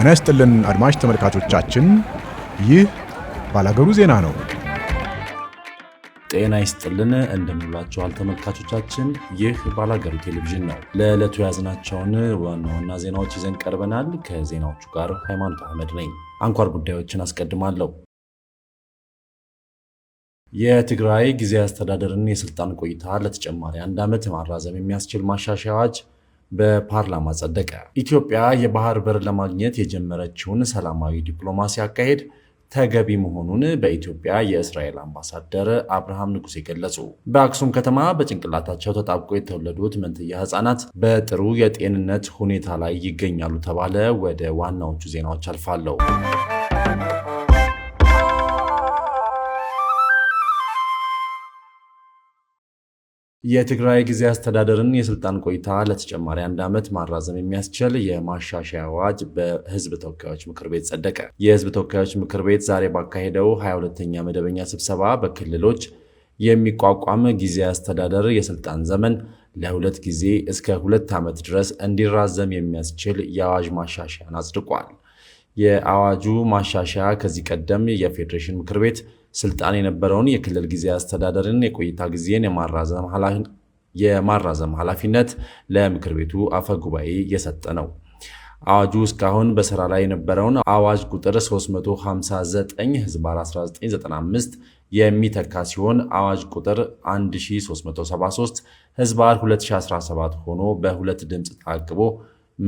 ጤና ይስጥልን አድማጭ ተመልካቾቻችን፣ ይህ ባላገሩ ዜና ነው። ጤና ይስጥልን እንደምንላችኋል ተመልካቾቻችን፣ ይህ ባላገሩ ቴሌቪዥን ነው። ለዕለቱ የያዝናቸውን ዋና ዋና ዜናዎች ይዘን ቀርበናል። ከዜናዎቹ ጋር ሃይማኖት አህመድ ነኝ። አንኳር ጉዳዮችን አስቀድማለሁ። የትግራይ ጊዜያዊ አስተዳደርን የስልጣን ቆይታ ለተጨማሪ አንድ ዓመት ማራዘም የሚያስችል ማሻሻያዎች በፓርላማ ጸደቀ። ኢትዮጵያ የባህር በር ለማግኘት የጀመረችውን ሰላማዊ ዲፕሎማሲ አካሄድ ተገቢ መሆኑን በኢትዮጵያ የእስራኤል አምባሳደር አብርሃም ንጉሴ ገለጹ። በአክሱም ከተማ በጭንቅላታቸው ተጣብቆ የተወለዱት መንትያ ህፃናት በጥሩ የጤንነት ሁኔታ ላይ ይገኛሉ ተባለ። ወደ ዋናዎቹ ዜናዎች አልፋለሁ። የትግራይ ጊዜ አስተዳደርን የስልጣን ቆይታ ለተጨማሪ አንድ ዓመት ማራዘም የሚያስችል የማሻሻያ አዋጅ በህዝብ ተወካዮች ምክር ቤት ጸደቀ። የህዝብ ተወካዮች ምክር ቤት ዛሬ ባካሄደው 22ኛ መደበኛ ስብሰባ በክልሎች የሚቋቋም ጊዜ አስተዳደር የስልጣን ዘመን ለሁለት ጊዜ እስከ ሁለት ዓመት ድረስ እንዲራዘም የሚያስችል የአዋጅ ማሻሻያን አጽድቋል። የአዋጁ ማሻሻያ ከዚህ ቀደም የፌዴሬሽን ምክር ቤት ስልጣን የነበረውን የክልል ጊዜ አስተዳደርን የቆይታ ጊዜን የማራዘም ኃላፊነት ለምክር ቤቱ አፈ ጉባኤ የሰጠ ነው። አዋጁ እስካሁን በስራ ላይ የነበረውን አዋጅ ቁጥር 359 ህዝባር 1995 የሚተካ ሲሆን አዋጅ ቁጥር 1373 ህዝባር 2017 ሆኖ በሁለት ድምፅ ታቅቦ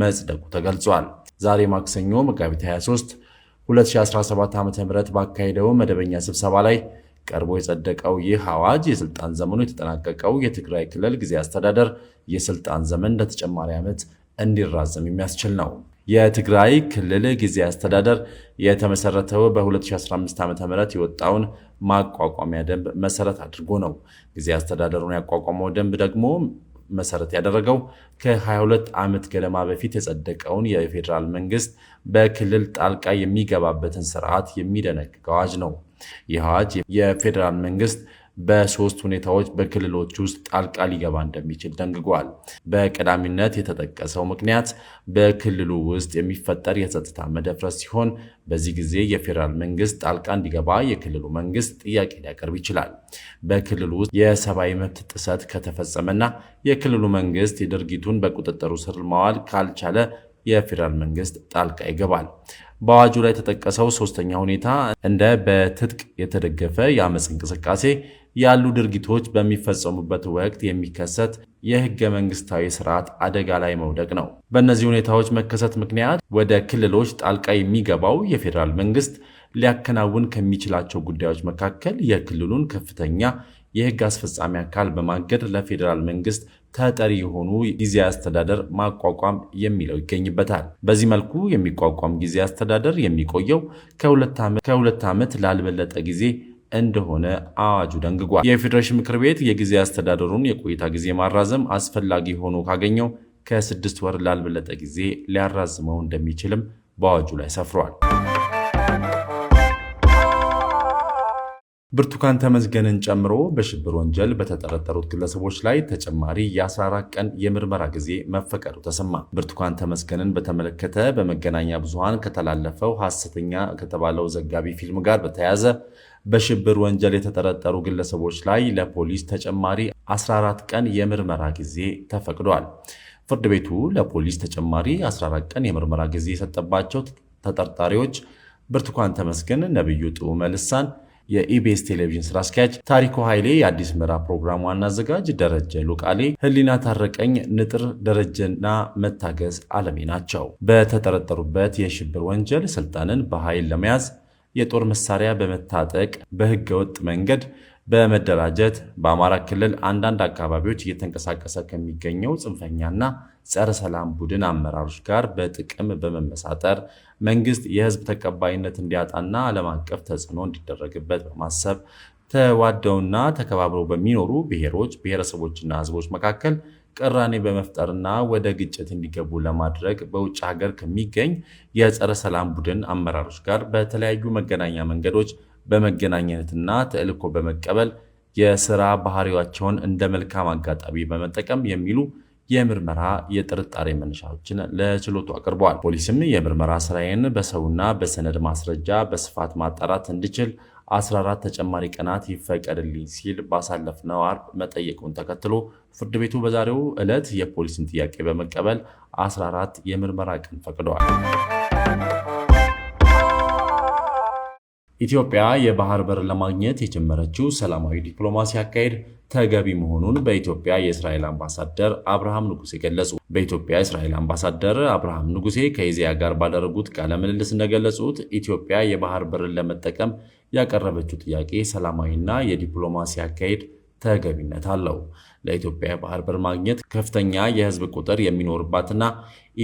መጽደቁ ተገልጿል። ዛሬ ማክሰኞ መጋቢት 23 2017 ዓ ም ባካሄደው መደበኛ ስብሰባ ላይ ቀርቦ የጸደቀው ይህ አዋጅ የስልጣን ዘመኑ የተጠናቀቀው የትግራይ ክልል ጊዜ አስተዳደር የስልጣን ዘመን ለተጨማሪ ዓመት እንዲራዘም የሚያስችል ነው። የትግራይ ክልል ጊዜ አስተዳደር የተመሰረተው በ2015 ዓ ም የወጣውን ማቋቋሚያ ደንብ መሰረት አድርጎ ነው። ጊዜ አስተዳደሩን ያቋቋመው ደንብ ደግሞ መሰረት ያደረገው ከ22 ዓመት ገደማ በፊት የጸደቀውን የፌዴራል መንግስት በክልል ጣልቃ የሚገባበትን ስርዓት የሚደነግግ አዋጅ ነው። ይህ አዋጅ የፌዴራል መንግስት በሶስት ሁኔታዎች በክልሎች ውስጥ ጣልቃ ሊገባ እንደሚችል ደንግጓል። በቀዳሚነት የተጠቀሰው ምክንያት በክልሉ ውስጥ የሚፈጠር የጸጥታ መደፍረስ ሲሆን በዚህ ጊዜ የፌዴራል መንግስት ጣልቃ እንዲገባ የክልሉ መንግስት ጥያቄ ሊያቀርብ ይችላል። በክልሉ ውስጥ የሰብአዊ መብት ጥሰት ከተፈጸመና የክልሉ መንግስት የድርጊቱን በቁጥጥሩ ስር ማዋል ካልቻለ የፌዴራል መንግስት ጣልቃ ይገባል። በአዋጁ ላይ የተጠቀሰው ሶስተኛ ሁኔታ እንደ በትጥቅ የተደገፈ የአመፅ እንቅስቃሴ ያሉ ድርጊቶች በሚፈጸሙበት ወቅት የሚከሰት የህገ መንግስታዊ ስርዓት አደጋ ላይ መውደቅ ነው። በእነዚህ ሁኔታዎች መከሰት ምክንያት ወደ ክልሎች ጣልቃ የሚገባው የፌዴራል መንግስት ሊያከናውን ከሚችላቸው ጉዳዮች መካከል የክልሉን ከፍተኛ የህግ አስፈጻሚ አካል በማገድ ለፌዴራል መንግስት ተጠሪ የሆኑ ጊዜ አስተዳደር ማቋቋም የሚለው ይገኝበታል። በዚህ መልኩ የሚቋቋም ጊዜ አስተዳደር የሚቆየው ከሁለት ዓመት ላልበለጠ ጊዜ እንደሆነ አዋጁ ደንግጓል። የፌዴሬሽን ምክር ቤት የጊዜ አስተዳደሩን የቆይታ ጊዜ ማራዘም አስፈላጊ ሆኖ ካገኘው ከስድስት ወር ላልበለጠ ጊዜ ሊያራዝመው እንደሚችልም በአዋጁ ላይ ሰፍሯል። ብርቱካን ተመስገንን ጨምሮ በሽብር ወንጀል በተጠረጠሩት ግለሰቦች ላይ ተጨማሪ የ14 ቀን የምርመራ ጊዜ መፈቀዱ ተሰማ። ብርቱካን ተመስገንን በተመለከተ በመገናኛ ብዙሃን ከተላለፈው ሐሰተኛ ከተባለው ዘጋቢ ፊልም ጋር በተያያዘ በሽብር ወንጀል የተጠረጠሩ ግለሰቦች ላይ ለፖሊስ ተጨማሪ 14 ቀን የምርመራ ጊዜ ተፈቅዷል። ፍርድ ቤቱ ለፖሊስ ተጨማሪ 14 ቀን የምርመራ ጊዜ የሰጠባቸው ተጠርጣሪዎች ብርቱካን ተመስገን፣ ነብዩ ጥዑመ ልሳን የኢቢኤስ ቴሌቪዥን ስራ አስኪያጅ፣ ታሪኩ ኃይሌ የአዲስ ምዕራብ ፕሮግራም ዋና አዘጋጅ፣ ደረጀ ሉቃሌ፣ ህሊና ታረቀኝ፣ ንጥር ደረጀና መታገዝ አለሜ ናቸው። በተጠረጠሩበት የሽብር ወንጀል ስልጣንን በኃይል ለመያዝ የጦር መሳሪያ በመታጠቅ በህገወጥ መንገድ በመደራጀት በአማራ ክልል አንዳንድ አካባቢዎች እየተንቀሳቀሰ ከሚገኘው ጽንፈኛና ጸረ ሰላም ቡድን አመራሮች ጋር በጥቅም በመመሳጠር መንግስት የህዝብ ተቀባይነት እንዲያጣና ዓለም አቀፍ ተጽዕኖ እንዲደረግበት በማሰብ ተዋደውና ተከባብረው በሚኖሩ ብሔሮች፣ ብሔረሰቦችና ህዝቦች መካከል ቅራኔ በመፍጠርና ወደ ግጭት እንዲገቡ ለማድረግ በውጭ ሀገር ከሚገኝ የጸረ ሰላም ቡድን አመራሮች ጋር በተለያዩ መገናኛ መንገዶች በመገናኘትና ተልዕኮ በመቀበል የስራ ባህሪያቸውን እንደ መልካም አጋጣሚ በመጠቀም የሚሉ የምርመራ የጥርጣሬ መነሻዎችን ለችሎቱ አቅርበዋል። ፖሊስም የምርመራ ስራዬን በሰውና በሰነድ ማስረጃ በስፋት ማጣራት እንዲችል 14 ተጨማሪ ቀናት ይፈቀድልኝ ሲል ባሳለፍነው አርብ መጠየቁን ተከትሎ ፍርድ ቤቱ በዛሬው ዕለት የፖሊስን ጥያቄ በመቀበል 14 የምርመራ ቀን ፈቅደዋል። ኢትዮጵያ የባህር በር ለማግኘት የጀመረችው ሰላማዊ ዲፕሎማሲ አካሄድ ተገቢ መሆኑን በኢትዮጵያ የእስራኤል አምባሳደር አብርሃም ንጉሴ ገለጹ። በኢትዮጵያ የእስራኤል አምባሳደር አብርሃም ንጉሴ ከኢዜአ ጋር ባደረጉት ቃለ ምልልስ እንደገለጹት ኢትዮጵያ የባህር በርን ለመጠቀም ያቀረበችው ጥያቄ ሰላማዊና የዲፕሎማሲ አካሄድ ተገቢነት አለው። ለኢትዮጵያ የባህር በር ማግኘት ከፍተኛ የህዝብ ቁጥር የሚኖርባትና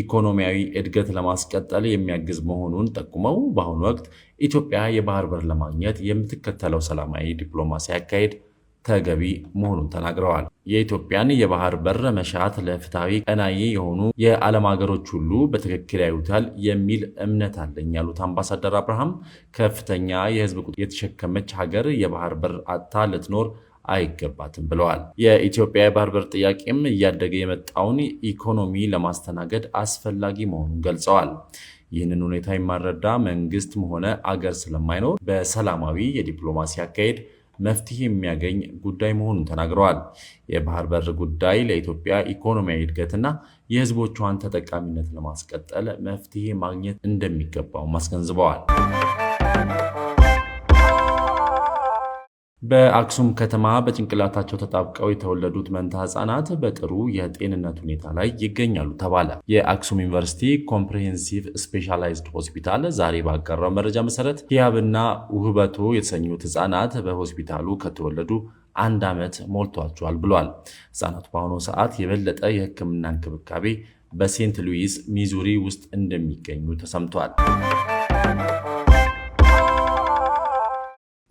ኢኮኖሚያዊ እድገት ለማስቀጠል የሚያግዝ መሆኑን ጠቁመው በአሁኑ ወቅት ኢትዮጵያ የባህር በር ለማግኘት የምትከተለው ሰላማዊ ዲፕሎማሲ አካሄድ ተገቢ መሆኑን ተናግረዋል። የኢትዮጵያን የባህር በር መሻት ለፍትሐዊ ቀናይ የሆኑ የዓለም ሀገሮች ሁሉ በትክክል ያዩታል የሚል እምነት አለኝ ያሉት አምባሳደር አብርሃም ከፍተኛ የህዝብ ቁጥር የተሸከመች ሀገር የባህር በር አጥታ ልትኖር አይገባትም ብለዋል። የኢትዮጵያ የባህር በር ጥያቄም እያደገ የመጣውን ኢኮኖሚ ለማስተናገድ አስፈላጊ መሆኑን ገልጸዋል። ይህንን ሁኔታ የማረዳ መንግስትም ሆነ አገር ስለማይኖር በሰላማዊ የዲፕሎማሲ አካሄድ መፍትሄ የሚያገኝ ጉዳይ መሆኑን ተናግረዋል። የባህር በር ጉዳይ ለኢትዮጵያ ኢኮኖሚያዊ እድገትና የህዝቦቿን ተጠቃሚነት ለማስቀጠል መፍትሄ ማግኘት እንደሚገባውም አስገንዝበዋል። በአክሱም ከተማ በጭንቅላታቸው ተጣብቀው የተወለዱት መንታ ህጻናት በጥሩ የጤንነት ሁኔታ ላይ ይገኛሉ ተባለ። የአክሱም ዩኒቨርሲቲ ኮምፕሬሄንሲቭ ስፔሻላይዝድ ሆስፒታል ዛሬ ባቀረው መረጃ መሰረት ሂያብና ውህበቱ የተሰኙት ህጻናት በሆስፒታሉ ከተወለዱ አንድ ዓመት ሞልቷቸዋል ብሏል። ህጻናቱ በአሁኑ ሰዓት የበለጠ የህክምና እንክብካቤ በሴንት ሉዊስ ሚዙሪ ውስጥ እንደሚገኙ ተሰምቷል።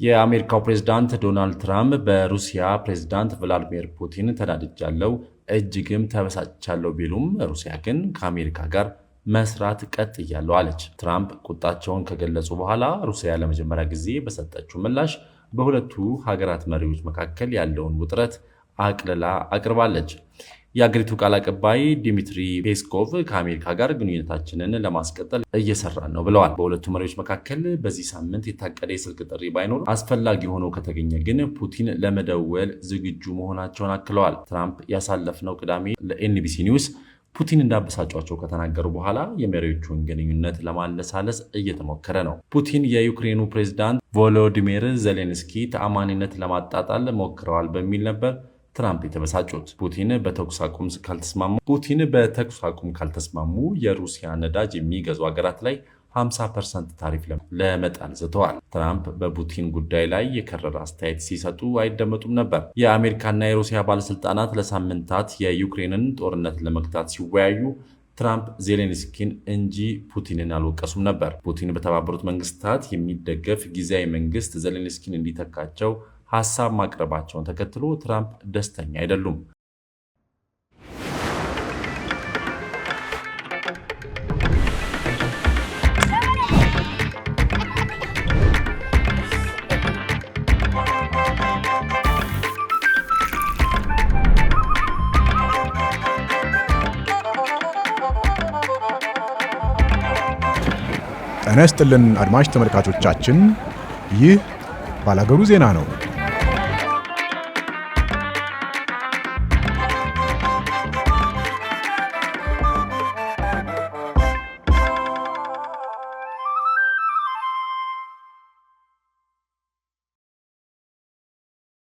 የአሜሪካው ፕሬዝዳንት ዶናልድ ትራምፕ በሩሲያ ፕሬዝዳንት ቭላዲሚር ፑቲን ተናድጃለው፣ እጅግም ተበሳጭቻለሁ ቢሉም ሩሲያ ግን ከአሜሪካ ጋር መስራት ቀጥ እያለው አለች። ትራምፕ ቁጣቸውን ከገለጹ በኋላ ሩሲያ ለመጀመሪያ ጊዜ በሰጠችው ምላሽ በሁለቱ ሀገራት መሪዎች መካከል ያለውን ውጥረት አቅልላ አቅርባለች። የአገሪቱ ቃል አቀባይ ዲሚትሪ ፔስኮቭ ከአሜሪካ ጋር ግንኙነታችንን ለማስቀጠል እየሰራን ነው ብለዋል። በሁለቱ መሪዎች መካከል በዚህ ሳምንት የታቀደ የስልክ ጥሪ ባይኖር አስፈላጊ ሆኖ ከተገኘ ግን ፑቲን ለመደወል ዝግጁ መሆናቸውን አክለዋል። ትራምፕ ያሳለፍነው ቅዳሜ ለኤንቢሲ ኒውስ ፑቲን እንዳበሳጫቸው ከተናገሩ በኋላ የመሪዎቹን ግንኙነት ለማለሳለስ እየተሞከረ ነው። ፑቲን የዩክሬኑ ፕሬዝዳንት ቮሎዲሚር ዜሌንስኪ ተአማኒነት ለማጣጣል ሞክረዋል በሚል ነበር ትራምፕ የተበሳጩት። ፑቲን በተኩስ አቁም ካልተስማሙ ፑቲን በተኩስ አቁም ካልተስማሙ የሩሲያ ነዳጅ የሚገዙ ሀገራት ላይ 50 ፐርሰንት ታሪፍ ለመጣል ዝተዋል። ትራምፕ በፑቲን ጉዳይ ላይ የከረረ አስተያየት ሲሰጡ አይደመጡም ነበር። የአሜሪካና የሩሲያ ባለስልጣናት ለሳምንታት የዩክሬንን ጦርነት ለመግታት ሲወያዩ ትራምፕ ዜሌንስኪን እንጂ ፑቲንን አልወቀሱም ነበር። ፑቲን በተባበሩት መንግስታት የሚደገፍ ጊዜያዊ መንግስት ዜሌንስኪን እንዲተካቸው ሀሳብ ማቅረባቸውን ተከትሎ ትራምፕ ደስተኛ አይደሉም። ጤና ይስጥልን አድማጭ ተመልካቾቻችን፣ ይህ ባላገሩ ዜና ነው።